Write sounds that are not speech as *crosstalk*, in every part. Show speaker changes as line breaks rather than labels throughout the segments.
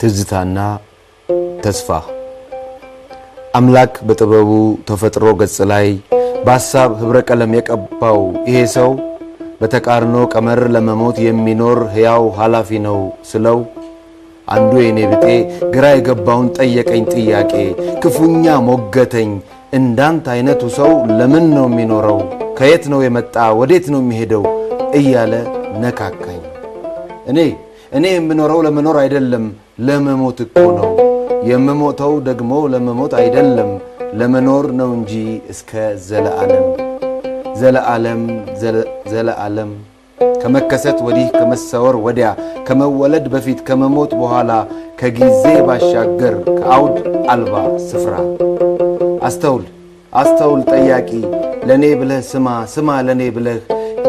ትዝታና ተስፋ አምላክ በጥበቡ ተፈጥሮ ገጽ ላይ በሐሳብ ኅብረ ቀለም የቀባው ይሄ ሰው በተቃርኖ ቀመር ለመሞት የሚኖር ሕያው ኃላፊ ነው ስለው አንዱ የኔ ብጤ ግራ የገባውን ጠየቀኝ ጥያቄ ክፉኛ ሞገተኝ። እንዳንተ አይነቱ ሰው ለምን ነው የሚኖረው? ከየት ነው የመጣ ወዴት ነው የሚሄደው? እያለ ነካካኝ። እኔ እኔ የምኖረው ለመኖር አይደለም ለመሞት እኮ ነው። የምሞተው ደግሞ ለመሞት አይደለም ለመኖር ነው እንጂ እስከ ዘለዓለም ዘለዓለም ዘለዓለም ከመከሰት ወዲህ ከመሰወር ወዲያ ከመወለድ በፊት ከመሞት በኋላ ከጊዜ ባሻገር ከአውድ አልባ ስፍራ አስተውል አስተውል ጠያቂ ለእኔ ብለህ ስማ ስማ ለእኔ ብለህ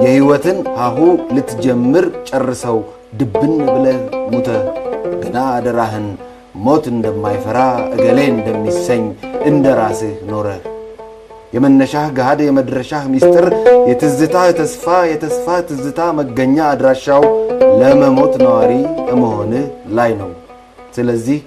የሕይወትን ሀሁ ልትጀምር ጨርሰው ድብን ብለህ ሙተህ ግና አደራህን ሞት እንደማይፈራ እገሌ እንደሚሰኝ እንደ ራስህ ኖረህ የመነሻህ ገሃድ የመድረሻህ ሚስጥር የትዝታ የተስፋ የተስፋ ትዝታ መገኛ አድራሻው ለመሞት ነዋሪ መሆንህ ላይ ነው። ስለዚህ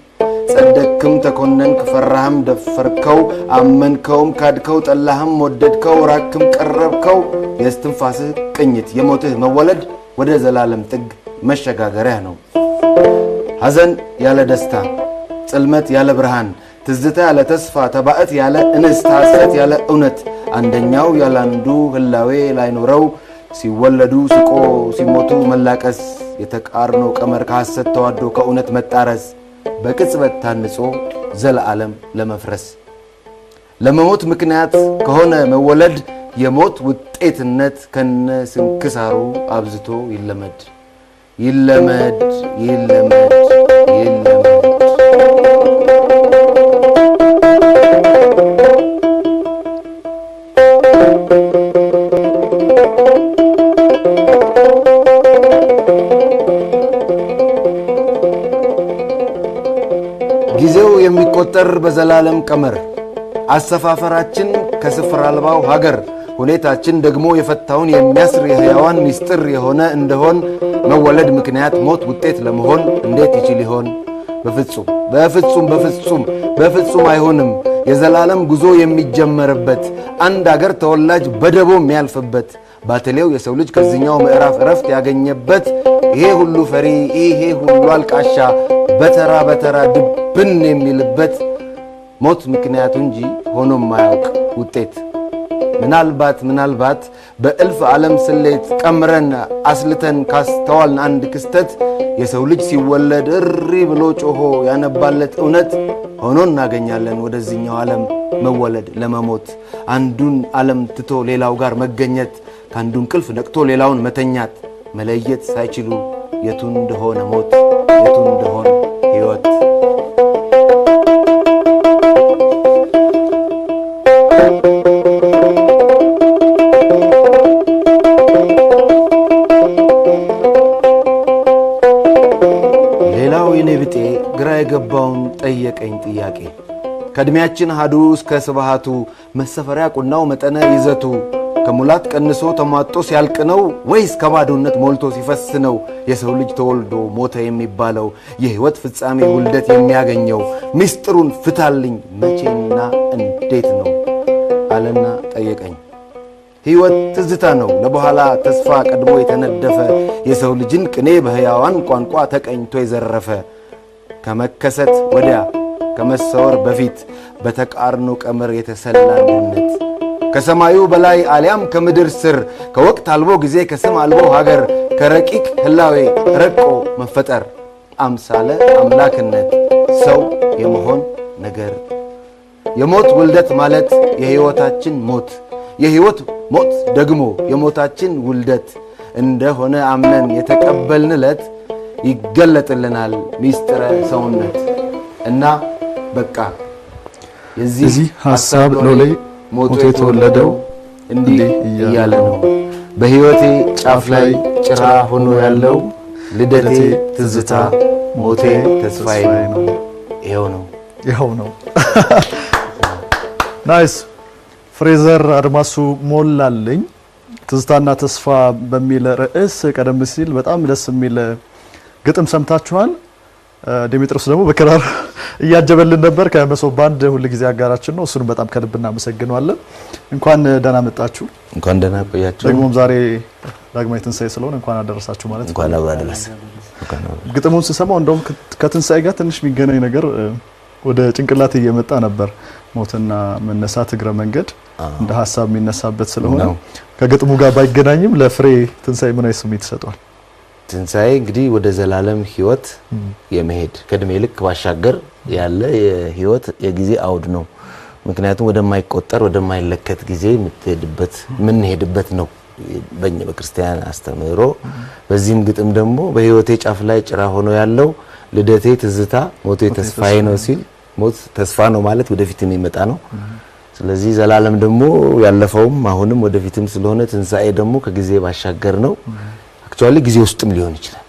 ጸደቅክም ተኮነንክ፣ ፈራህም ደፈርከው፣ አመንከውም ካድከው፣ ጠላህም ወደድከው፣ ራክም ቀረብከው፣ የስትንፋስህ ቅኝት የሞትህ መወለድ ወደ ዘላለም ጥግ መሸጋገሪያ ነው። ሐዘን ያለ ደስታ፣ ጽልመት ያለ ብርሃን፣ ትዝታ ያለ ተስፋ፣ ተባዕት ያለ እንስት፣ ሐሰት ያለ እውነት፣ አንደኛው ያለ አንዱ ህላዌ ላይኖረው ሲወለዱ ስቆ ሲሞቱ መላቀስ፣ የተቃርኖ ቀመር ከሐሰት ተዋዶ ከእውነት መጣረስ፣ በቅጽበት ታንጾ ዘለዓለም ለመፍረስ ለመሞት ምክንያት ከሆነ መወለድ የሞት ውጤትነት ከነ ስንክሳሩ አብዝቶ ይለመድ። ይለመድ ይለመድ ጊዜው የሚቆጠር በዘላለም ቀመር አሰፋፈራችን ከስፍር አልባው ሀገር ሁኔታችን ደግሞ የፈታውን የሚያስር የሕያዋን ምስጢር የሆነ እንደሆን መወለድ ምክንያት ሞት ውጤት ለመሆን እንዴት ይችል ይሆን? በፍጹም በፍጹም በፍጹም በፍጹም አይሆንም። የዘላለም ጉዞ የሚጀመርበት አንድ አገር ተወላጅ በደቦ የሚያልፍበት ባተሌው የሰው ልጅ ከዚኛው ምዕራፍ እረፍት ያገኘበት ይሄ ሁሉ ፈሪ ይሄ ሁሉ አልቃሻ በተራ በተራ ድብን የሚልበት ሞት ምክንያቱ እንጂ ሆኖ የማያውቅ ውጤት ምናልባት ምናልባት በእልፍ ዓለም ስሌት ቀምረን አስልተን ካስተዋልን አንድ ክስተት የሰው ልጅ ሲወለድ እሪ ብሎ ጮሆ ያነባለት እውነት ሆኖ እናገኛለን። ወደዚህኛው ዓለም መወለድ ለመሞት አንዱን ዓለም ትቶ ሌላው ጋር መገኘት ከአንዱ እንቅልፍ ነቅቶ ሌላውን መተኛት መለየት ሳይችሉ የቱ እንደሆነ ሞት የቱ እንደሆነ ሕይወት ጠየቀኝ ጥያቄ ከእድሜያችን ሀዱ እስከ ስብሃቱ መሰፈሪያ ቁናው መጠነ ይዘቱ ከሙላት ቀንሶ ተሟጦ ሲያልቅ ነው ወይስ ከባዶነት ሞልቶ ሲፈስ ነው የሰው ልጅ ተወልዶ ሞተ የሚባለው የሕይወት ፍጻሜ ውልደት የሚያገኘው ምስጢሩን ፍታልኝ መቼና እንዴት ነው አለና ጠየቀኝ። ሕይወት ትዝታ ነው ለበኋላ ተስፋ ቀድሞ የተነደፈ የሰው ልጅን ቅኔ በሕያዋን ቋንቋ ተቀኝቶ የዘረፈ ከመከሰት ወዲያ ከመሰወር በፊት በተቃርኖ ቀመር የተሰላ አንድነት ከሰማዩ በላይ አሊያም ከምድር ስር ከወቅት አልቦ ጊዜ ከስም አልቦ ሀገር ከረቂቅ ህላዌ ረቆ መፈጠር አምሳለ አምላክነት ሰው የመሆን ነገር የሞት ውልደት ማለት የሕይወታችን ሞት የሕይወት ሞት ደግሞ የሞታችን ውልደት እንደሆነ አምነን የተቀበልንለት ይገለጥልናል ሚስጥረ ሰውነት እና በቃ የዚህ ሀሳብ ሎሌ ሞቶ የተወለደው እንዲህ እያለ ነው። በህይወቴ ጫፍ ላይ ጭራ ሆኖ ያለው ልደቴ ትዝታ፣ ሞቴ ተስፋዬ ነው። ይኸው ነው ይኸው ነው። *laughs*
ናይስ ፍሬዘር አድማሱ ሞላልኝ ትዝታና ተስፋ በሚል ርዕስ ቀደም ሲል በጣም ደስ የሚል ግጥም ሰምታችኋል። ዲሚጥሮስ ደግሞ በክራር እያጀበልን ነበር። ከመሶብ ባንድ ሁል ጊዜ አጋራችን ነው። እሱን በጣም ከልብ እናመሰግነዋለን። እንኳን ደህና መጣችሁ። እንኳን ደህና ቆያችሁ። ደግሞም ዛሬ ዳግማዊ ትንሳኤ ስለሆነ እንኳን አደረሳችሁ ማለት ነው።
እንኳን አብሮ አደረሰ።
ግጥሙን ስሰማው እንደውም ከትንሳኤ ጋር ትንሽ የሚገናኝ ነገር ወደ ጭንቅላት እየመጣ ነበር። ሞትና መነሳት እግረ መንገድ እንደ ሀሳብ የሚነሳበት ስለሆነ ከግጥሙ ጋር ባይገናኝም ለፍሬ ትንሳኤ ምን ስሜት ይሰጧል?
ትንሣኤ እንግዲህ ወደ ዘላለም ህይወት የመሄድ ከእድሜ ልክ ባሻገር ያለ የህይወት የጊዜ አውድ ነው። ምክንያቱም ወደማይቆጠር ወደማይለከት ጊዜ የምትሄድበት የምንሄድበት ነው በእኛ በክርስቲያን አስተምህሮ። በዚህም ግጥም ደግሞ በህይወቴ ጫፍ ላይ ጭራ ሆኖ ያለው ልደቴ ትዝታ፣ ሞቴ ተስፋዬ ነው ሲል ሞት ተስፋ ነው ማለት ወደፊት የሚመጣ ነው። ስለዚህ ዘላለም ደግሞ ያለፈውም አሁንም ወደፊትም ስለሆነ ትንሣኤ ደግሞ ከጊዜ ባሻገር ነው። አክቹአሊ ጊዜ ውስጥም ሊሆን ይችላል።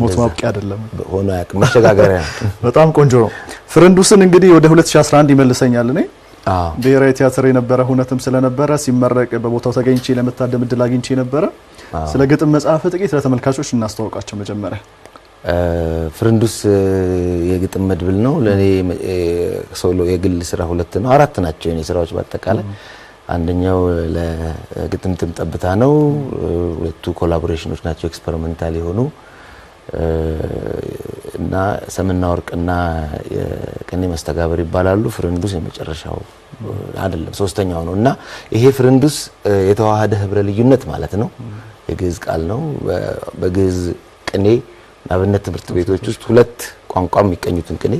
ሞት ማብቂያ አይደለም
ሆኖ አያውቅም፣ መሸጋገሪያ።
*laughs* በጣም ቆንጆ ነው። ፍርንዱስን እንግዲህ ወደ 2011 ይመልሰኛል እኔ ብሔራዊ ቲያትር የነበረ ሁነትም ስለነበረ ሲመረቅ በቦታው ተገኝቼ ለመታደም እድል አግኝቼ ነበረ። ስለ ግጥም መጽሐፍ ጥቂት ለተመልካቾች እናስተዋውቃቸው። መጀመሪያ
ፍርንዱስ የግጥም መድብል ነው። ለእኔ የግል ስራ ሁለት ነው፣ አራት ናቸው የኔ ስራዎች በአጠቃላይ አንደኛው ለግጥምጥም ጠብታ ነው። ሁለቱ ኮላቦሬሽኖች ናቸው ኤክስፐሪመንታል የሆኑ እና ሰምና ወርቅና የቅኔ መስተጋበር ይባላሉ። ፍርንዱስ የመጨረሻው አይደለም ሶስተኛው ነው እና ይሄ ፍርንዱስ የተዋሃደ ህብረ ልዩነት ማለት ነው። የግዕዝ ቃል ነው። በግዕዝ ቅኔ አብነት ትምህርት ቤቶች ውስጥ ሁለት ቋንቋ የሚቀኙትን ቅኔ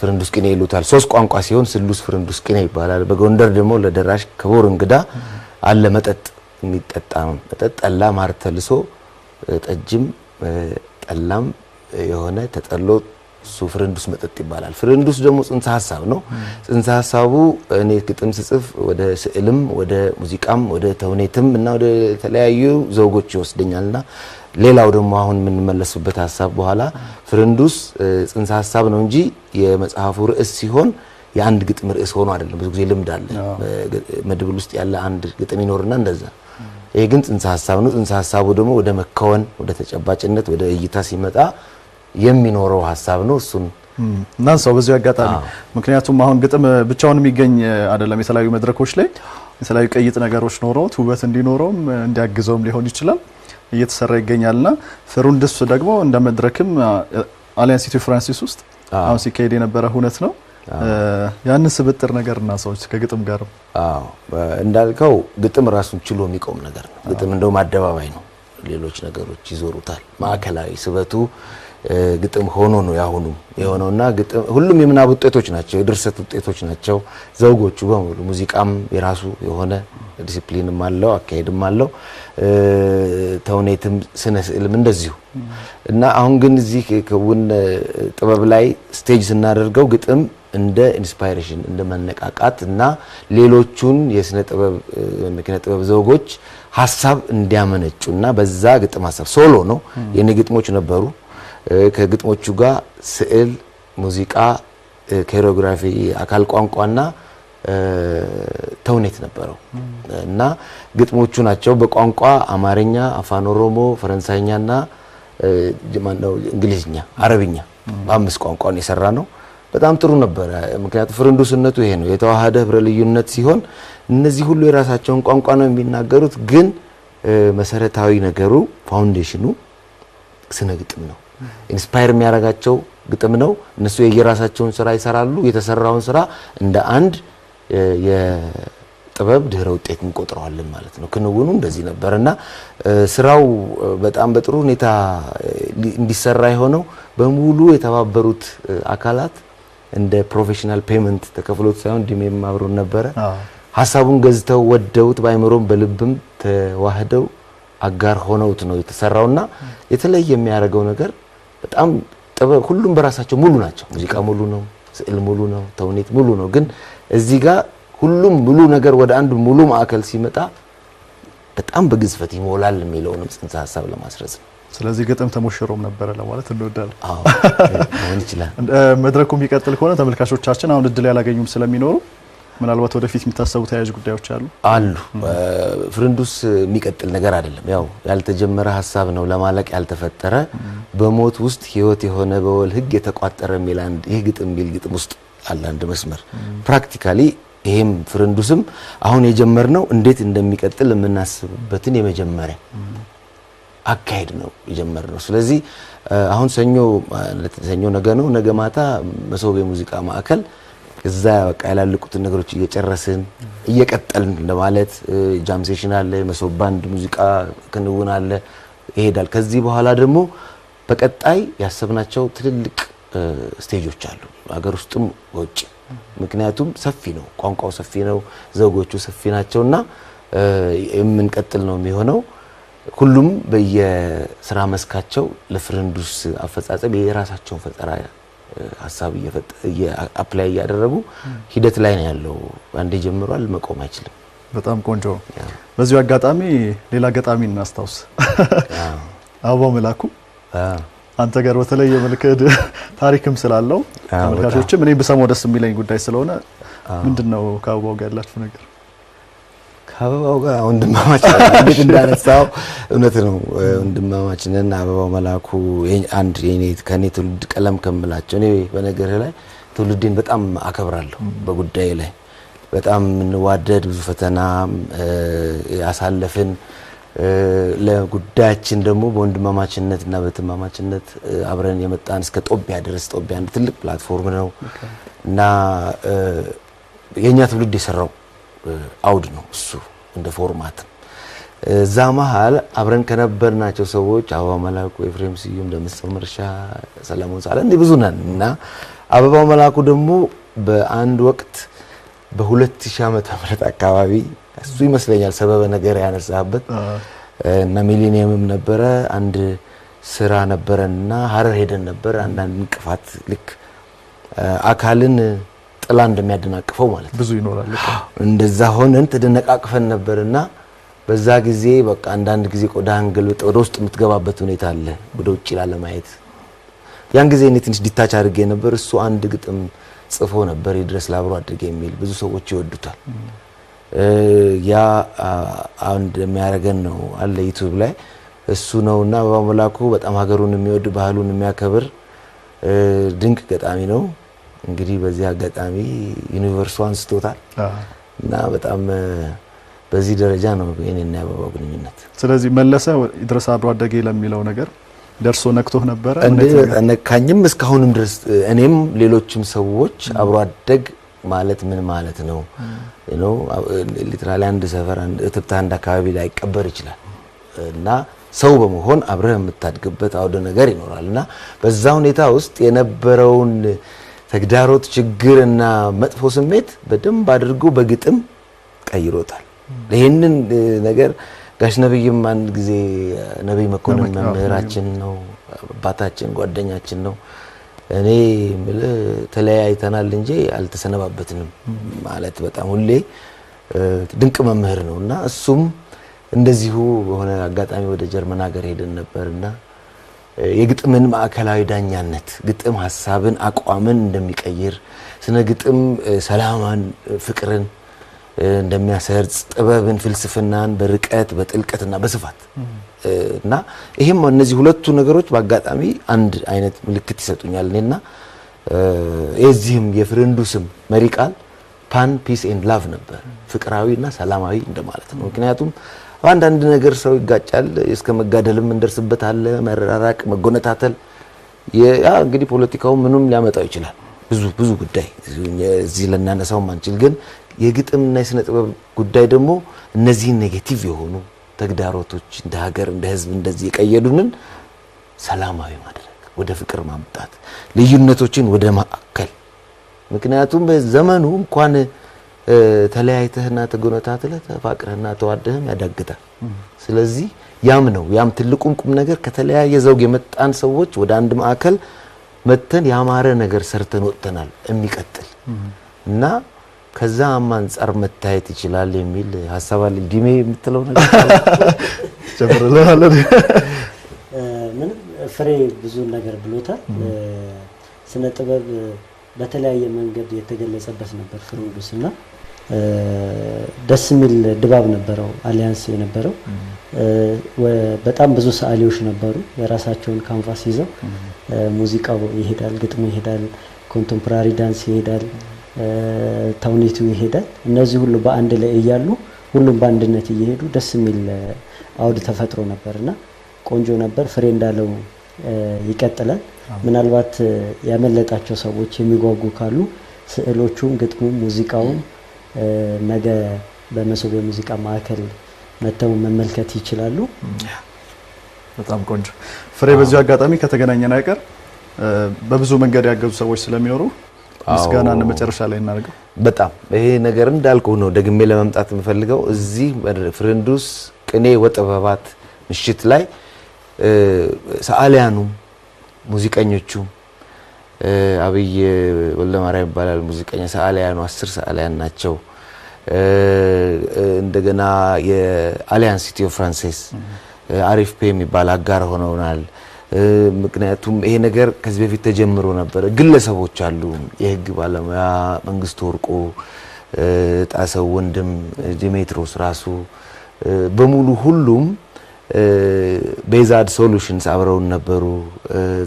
ፍርንዱስ ቅኔ ይሉታል። ሶስት ቋንቋ ሲሆን ስሉስ ፍርንዱስ ቅኔ ይባላል። በጎንደር ደግሞ ለደራሽ ክቡር እንግዳ አለ መጠጥ የሚጠጣ መጠጥ ጠላ ማር ተልሶ ጠጅም ጠላም የሆነ ተጠሎ እሱ ፍርንዱስ መጠጥ ይባላል። ፍርንዱስ ደግሞ ጽንሰ ሀሳብ ነው። ጽንሰ ሀሳቡ እኔ ግጥም ስጽፍ ወደ ስዕልም፣ ወደ ሙዚቃም፣ ወደ ተውኔትም እና ወደ ተለያዩ ዘውጎች ይወስደኛልና ሌላው ደግሞ አሁን የምንመለስበት ሀሳብ በኋላ ፍርንዱስ ጽንሰ ሀሳብ ነው እንጂ የመጽሐፉ ርዕስ ሲሆን የአንድ ግጥም ርዕስ ሆኖ አይደለም። ብዙ ጊዜ ልምድ አለ። መድብል ውስጥ ያለ አንድ ግጥም ይኖርና እንደዛ ይሄ ግን ጽንሰ ሀሳብ ነው። ጽንሰ ሀሳቡ ደግሞ ወደ መከወን፣ ወደ ተጨባጭነት፣ ወደ እይታ ሲመጣ የሚኖረው ሀሳብ ነው እሱን
እናንሳው በዚሁ አጋጣሚ። ምክንያቱም አሁን ግጥም ብቻውን የሚገኝ አይደለም። የተለያዩ መድረኮች ላይ የተለያዩ ቀይጥ ነገሮች ኖረውት ውበት እንዲኖረውም እንዲያግዘውም ሊሆን ይችላል እየተሰራ ይገኛልና ፍሩን ድስ ደግሞ እንደ መድረክም አሊያንስ ኢትዮ ፍራንሲስ ውስጥ አሁን ሲካሄድ የነበረ ሁነት ነው። ያንን ስብጥር ነገር እና ሰዎች ከግጥም ጋር
አዎ፣ እንዳልከው ግጥም ራሱን ችሎ የሚቆም ነገር ነው። ግጥም እንደውም አደባባይ ነው። ሌሎች ነገሮች ይዞሩታል። ማዕከላዊ ስበቱ ግጥም ሆኖ ነው ያሁኑ የሆነውና ግጥም ሁሉም የምናብ ውጤቶች ናቸው፣ የድርሰት ውጤቶች ናቸው ዘውጎቹ በሙሉ። ሙዚቃም የራሱ የሆነ ዲሲፕሊንም አለው፣ አካሄድም አለው፣ ተውኔትም ስነ ስዕልም እንደዚሁ እና አሁን ግን እዚህ ክውን ጥበብ ላይ ስቴጅ ስናደርገው ግጥም እንደ ኢንስፓይሬሽን እንደ መነቃቃት እና ሌሎቹን የስነ ጥበብ መኪና ጥበብ ዘውጎች ሀሳብ እንዲያመነጩ እና በዛ ግጥም ሀሳብ ሶሎ ነው የኔ ግጥሞች ነበሩ ከግጥሞቹ ጋር ስዕል፣ ሙዚቃ፣ ኮሪዮግራፊ፣ አካል ቋንቋና ተውኔት ነበረው እና ግጥሞቹ ናቸው በቋንቋ አማርኛ፣ አፋን ኦሮሞ፣ ፈረንሳይኛና እንግሊዝኛ፣ አረብኛ በአምስት ቋንቋ ነው የሰራ ነው። በጣም ጥሩ ነበረ። ምክንያቱም ፍርንዱስነቱ ይሄ ነው፣ የተዋሃደ ህብረ ልዩነት ሲሆን እነዚህ ሁሉ የራሳቸውን ቋንቋ ነው የሚናገሩት። ግን መሰረታዊ ነገሩ ፋውንዴሽኑ ስነ ግጥም ነው። ኢንስፓየር የሚያደርጋቸው ግጥም ነው። እነሱ የየራሳቸውን ስራ ይሰራሉ። የተሰራውን ስራ እንደ አንድ የጥበብ ድህረ ውጤት እንቆጥረዋለን ማለት ነው። ክንውኑ እንደዚህ ነበር እና ስራው በጣም በጥሩ ሁኔታ እንዲሰራ የሆነው በሙሉ የተባበሩት አካላት እንደ ፕሮፌሽናል ፔመንት ተከፍሎት ሳይሆን ድሜም አብሮን ነበረ። ሀሳቡን ገዝተው ወደውት በአይምሮም በልብም ተዋህደው አጋር ሆነውት ነው የተሰራውና የተለየ የሚያደርገው ነገር በጣም ጥበብ ሁሉም በራሳቸው ሙሉ ናቸው። ሙዚቃ ሙሉ ነው፣ ስዕል ሙሉ ነው፣ ተውኔት ሙሉ ነው። ግን እዚህ ጋር ሁሉም ሙሉ ነገር ወደ አንድ ሙሉ ማዕከል ሲመጣ በጣም በግዝፈት ይሞላል የሚለውንም ጽንሰ ሀሳብ ለማስረጽ ነው።
ስለዚህ ግጥም ተሞሽሮም ነበረ ለማለት እንወዳለን። ሆን ይችላል። መድረኩ የሚቀጥል ከሆነ ተመልካቾቻችን አሁን እድል ያላገኙም ስለሚኖሩ ምናልባት ወደፊት የሚታሰቡ ተያያዥ ጉዳዮች አሉ
አሉ። ፍርንዱስ የሚቀጥል ነገር አይደለም። ያው ያልተጀመረ ሀሳብ ነው ለማለቅ ያልተፈጠረ በሞት ውስጥ ህይወት የሆነ በወል ህግ የተቋጠረ የሚል አንድ ይህ ግጥም የሚል ግጥም ውስጥ አለ አንድ መስመር ፕራክቲካሊ ይሄም ፍርንዱስም አሁን የጀመርነው እንዴት እንደሚቀጥል የምናስብበትን የመጀመሪያ አካሄድ ነው የጀመርነው። ስለዚህ አሁን ሰኞ ሰኞ ነገ ነው ነገ ማታ መሶብ የሙዚቃ ማዕከል እዛ በቃ ያላልቁትን ነገሮች እየጨረስን እየቀጠልን ለማለት ጃም ሴሽን አለ፣ መሶብ ባንድ ሙዚቃ ክንውን አለ ይሄዳል። ከዚህ በኋላ ደግሞ በቀጣይ ያሰብናቸው ትልልቅ ስቴጆች አሉ፣ ሀገር ውስጥም ውጭ። ምክንያቱም ሰፊ ነው፣ ቋንቋው ሰፊ ነው፣ ዘውጎቹ ሰፊ ናቸው እና የምንቀጥል ነው የሚሆነው። ሁሉም በየስራ መስካቸው ለፍርንዱስ አፈጻጸም የራሳቸውን ፈጠራ ሀሳብ አፕላይ እያደረጉ ሂደት ላይ ነው ያለው። አንዴ ጀምሯል፣ መቆም አይችልም።
በጣም ቆንጆ። በዚሁ አጋጣሚ ሌላ ገጣሚ እናስታውስ፣ አበባው መላኩ አንተ ጋር በተለይ የመልክዕድ ታሪክም ስላለው ተመልካቾችም እኔ ብሰማው ደስ የሚለኝ ጉዳይ ስለሆነ ምንድን ነው ከአበባው ጋር ያላችሁ ነገር?
ከአበባው ጋር ወንድማማች እንዴት እንዳነሳው እውነት ነው። ወንድማማች ነን። አበባው መላኩ አንድ ከእኔ ትውልድ ቀለም ከምላቸው እኔ በነገርህ ላይ ትውልዴን በጣም አከብራለሁ። በጉዳይ ላይ በጣም የምንዋደድ ብዙ ፈተና ያሳለፍን ለጉዳያችን ደግሞ በወንድማማችነት እና በትማማችነት አብረን የመጣን እስከ ጦቢያ ድረስ ጦቢያ አንድ ትልቅ ፕላትፎርም ነው እና የእኛ ትውልድ የሰራው አውድ ነው እሱ እንደ ፎርማት እዛ መሀል አብረን ከነበርናቸው ሰዎች አበባ መላኩ፣ ኤፍሬም ስዩም፣ ደምሰው መርሻ፣ ሰለሞን ሳለ እንዲህ ብዙ ነን እና አበባው መላኩ ደግሞ በአንድ ወቅት በ2000 ዓመተ ምህረት አካባቢ እሱ ይመስለኛል ሰበበ ነገር ያነሳበት እና ሚሊኒየምም ነበረ። አንድ ስራ ነበረና ሀረር ሄደን ነበር። አንዳንድ እንቅፋት ልክ አካልን ጥላ እንደሚያደናቅፈው ማለት ብዙ ይኖራል። እንደዛ ሆነን ተደነቃቅፈን ነበርና በዛ ጊዜ በቃ አንዳንድ ጊዜ ቆዳህን ገልብጥ ወደ ውስጥ የምትገባበት ሁኔታ አለ፣ ወደ ውጭ ላለማየት። ያን ጊዜ እኔ ትንሽ ዲታች አድርጌ ነበር። እሱ አንድ ግጥም ጽፎ ነበር፣ ይድረስ ለአብሮ አድርጌ የሚል ብዙ ሰዎች ይወዱታል። ያ አንድ የሚያደርገን ነው አለ ዩቱብ ላይ እሱ ነውና አበባው መላኩ በጣም ሀገሩን የሚወድ ባህሉን የሚያከብር ድንቅ ገጣሚ ነው። እንግዲህ በዚህ አጋጣሚ ዩኒቨርሱ አንስቶታል እና በጣም በዚህ ደረጃ ነው የኔና የአበባው ግንኙነት።
ስለዚህ መለሰ ይድረስ አብሮ አደጌ ለሚለው ነገር ደርሶ ነክቶህ ነበረ?
ነካኝም፣ እስካሁንም ድረስ እኔም ሌሎችም ሰዎች አብሮ አደግ ማለት ምን ማለት ነው? ሊትራሊ አንድ ሰፈር እትብታ አንድ አካባቢ ላይ ይቀበር ይችላል እና ሰው በመሆን አብረህ የምታድግበት አውደ ነገር ይኖራል እና በዛ ሁኔታ ውስጥ የነበረውን ተግዳሮት፣ ችግር እና መጥፎ ስሜት በደንብ አድርጎ በግጥም ቀይሮታል። ይህንን ነገር ጋሽ ነብይም አንድ ጊዜ ነብይ መኮንን መምህራችን ነው፣ አባታችን፣ ጓደኛችን ነው እኔ የምልህ ተለያይተናል እንጂ አልተሰነባበትንም። ማለት በጣም ሁሌ ድንቅ መምህር ነው እና እሱም እንደዚሁ በሆነ አጋጣሚ ወደ ጀርመን ሀገር ሄደን ነበር እና የግጥምን ማዕከላዊ ዳኛነት ግጥም ሀሳብን፣ አቋምን እንደሚቀይር ስነ ግጥም ሰላማን፣ ፍቅርን እንደሚያሰርጽ ጥበብን፣ ፍልስፍናን በርቀት በጥልቀትና በስፋት እና ይህም እነዚህ ሁለቱ ነገሮች በአጋጣሚ አንድ አይነት ምልክት ይሰጡኛል እኔና የዚህም የፍሬንዱ ስም መሪ ቃል ፓን ፒስ ኤንድ ላቭ ነበር። ፍቅራዊ እና ሰላማዊ እንደማለት ነው። ምክንያቱም አንዳንድ ነገር ሰው ይጋጫል፣ እስከ መጋደልም እንደርስበት አለ። መራራቅ፣ መጎነታተል ያ እንግዲህ ፖለቲካው ምንም ሊያመጣው ይችላል። ብዙ ብዙ ጉዳይ እዚህ ልናነሳው ማንችል፣ ግን የግጥምና የስነ ጥበብ ጉዳይ ደግሞ እነዚህን ኔጌቲቭ የሆኑ ተግዳሮቶች እንደ ሀገር እንደ ህዝብ እንደዚህ የቀየዱንን ሰላማዊ ማድረግ ወደ ፍቅር ማምጣት ልዩነቶችን ወደ ማዕከል ምክንያቱም ዘመኑ እንኳን ተለያይተህና ተጎነታትለህ ተፋቅረህና ተዋደህም ያዳግታል። ስለዚህ ያም ነው ያም ትልቁም ቁም ነገር ከተለያየ ዘውግ የመጣን ሰዎች ወደ አንድ ማዕከል መተን ያማረ ነገር ሰርተን ወጥተናል የሚቀጥል እና ከዛ አንጻር መታየት ይችላል የሚል ሀሳብ አለ። ዲሜ የምትለው ነገር
*laughs*
ምንም ፍሬ ብዙ ነገር ብሎታል። ስነ ጥበብ በተለያየ መንገድ የተገለጸበት ነበር ፊልም እና ደስ የሚል ድባብ ነበረው። አሊያንስ የነበረው በጣም ብዙ ሰዓሊዎች ነበሩ የራሳቸውን ካንቫስ ይዘው ሙዚቃው ይሄዳል፣ ግጥሙ ይሄዳል፣ ኮንቴምፖራሪ ዳንስ ይሄዳል፣ ተውኔቱ ይሄዳል። እነዚህ ሁሉ በአንድ ላይ እያሉ ሁሉም በአንድነት እየሄዱ ደስ የሚል አውድ ተፈጥሮ ነበር እና ቆንጆ ነበር። ፍሬ እንዳለው ይቀጥላል። ምናልባት ያመለጣቸው ሰዎች የሚጓጉ ካሉ ስዕሎቹም፣ ግጥሙም፣ ሙዚቃውም ነገ በመሶብ የሙዚቃ ማዕከል መጥተው መመልከት ይችላሉ።
በጣም ቆንጆ ፍሬ፣ በዚሁ አጋጣሚ ከተገናኘን አይቀር በብዙ መንገድ ያገዙ ሰዎች ስለሚኖሩ ምስጋና መጨረሻ ላይ እናደርገው።
በጣም ይሄ ነገር እንዳልኩ ነው ደግሜ ለመምጣት የምፈልገው እዚህ ፍርንዱስ ቅኔ ወጥበባት ምሽት ላይ ሰዓሊያኑም ሙዚቀኞቹም አብይ ወልደማርያም ይባላል ሙዚቀኛ። ሰዓሊያኑ አስር ሰዓሊያን ናቸው። እንደገና የአሊያንስ ኢትዮ ፍራንሴስ አሪፍ ፔ የሚባል አጋር ሆነውናል። ምክንያቱም ይሄ ነገር ከዚህ በፊት ተጀምሮ ነበረ። ግለሰቦች አሉ፣ የህግ ባለሙያ መንግስት ወርቁ፣ ጣሰው ወንድም፣ ዲሜትሮስ ራሱ በሙሉ ሁሉም ቤዛድ ሶሉሽንስ አብረውን ነበሩ።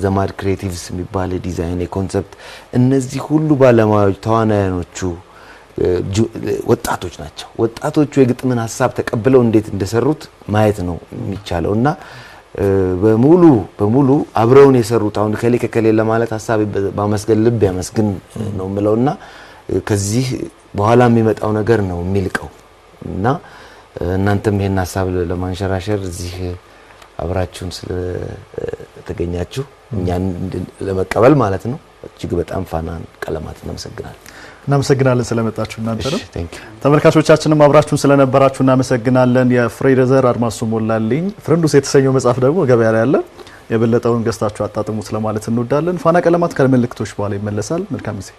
ዘማድ ክሬቲቭስ የሚባል የዲዛይን የኮንሰፕት እነዚህ ሁሉ ባለሙያዎች ተዋናያኖቹ ወጣቶች ናቸው። ወጣቶቹ የግጥምን ሀሳብ ተቀብለው እንዴት እንደሰሩት ማየት ነው የሚቻለው እና በሙሉ በሙሉ አብረውን የሰሩት አሁን ከሌ ከከሌ ለማለት ሀሳብ ባመስገን ልብ ያመስግን ነው የምለው እና ከዚህ በኋላ የሚመጣው ነገር ነው የሚልቀው እና እናንተም ይሄን ሀሳብ ለማንሸራሸር እዚህ አብራችሁን ስለተገኛችሁ እኛን ለመቀበል ማለት ነው እጅግ በጣም ፋናን ቀለማት እናመሰግናለን።
እናመሰግናለን ስለመጣችሁ እናንተ ነው። ተመልካቾቻችንም አብራችሁን ስለነበራችሁ እናመሰግናለን። የፍሬዘር አድማሱ ሞላልኝ ፍርንዱስ የተሰኘው መጽሐፍ ደግሞ ገበያ ላይ ያለ የበለጠውን ገዝታችሁ አጣጥሙ ስለማለት እንወዳለን። ፋና ቀለማት ከመልእክቶች በኋላ ይመለሳል። መልካም ጊዜ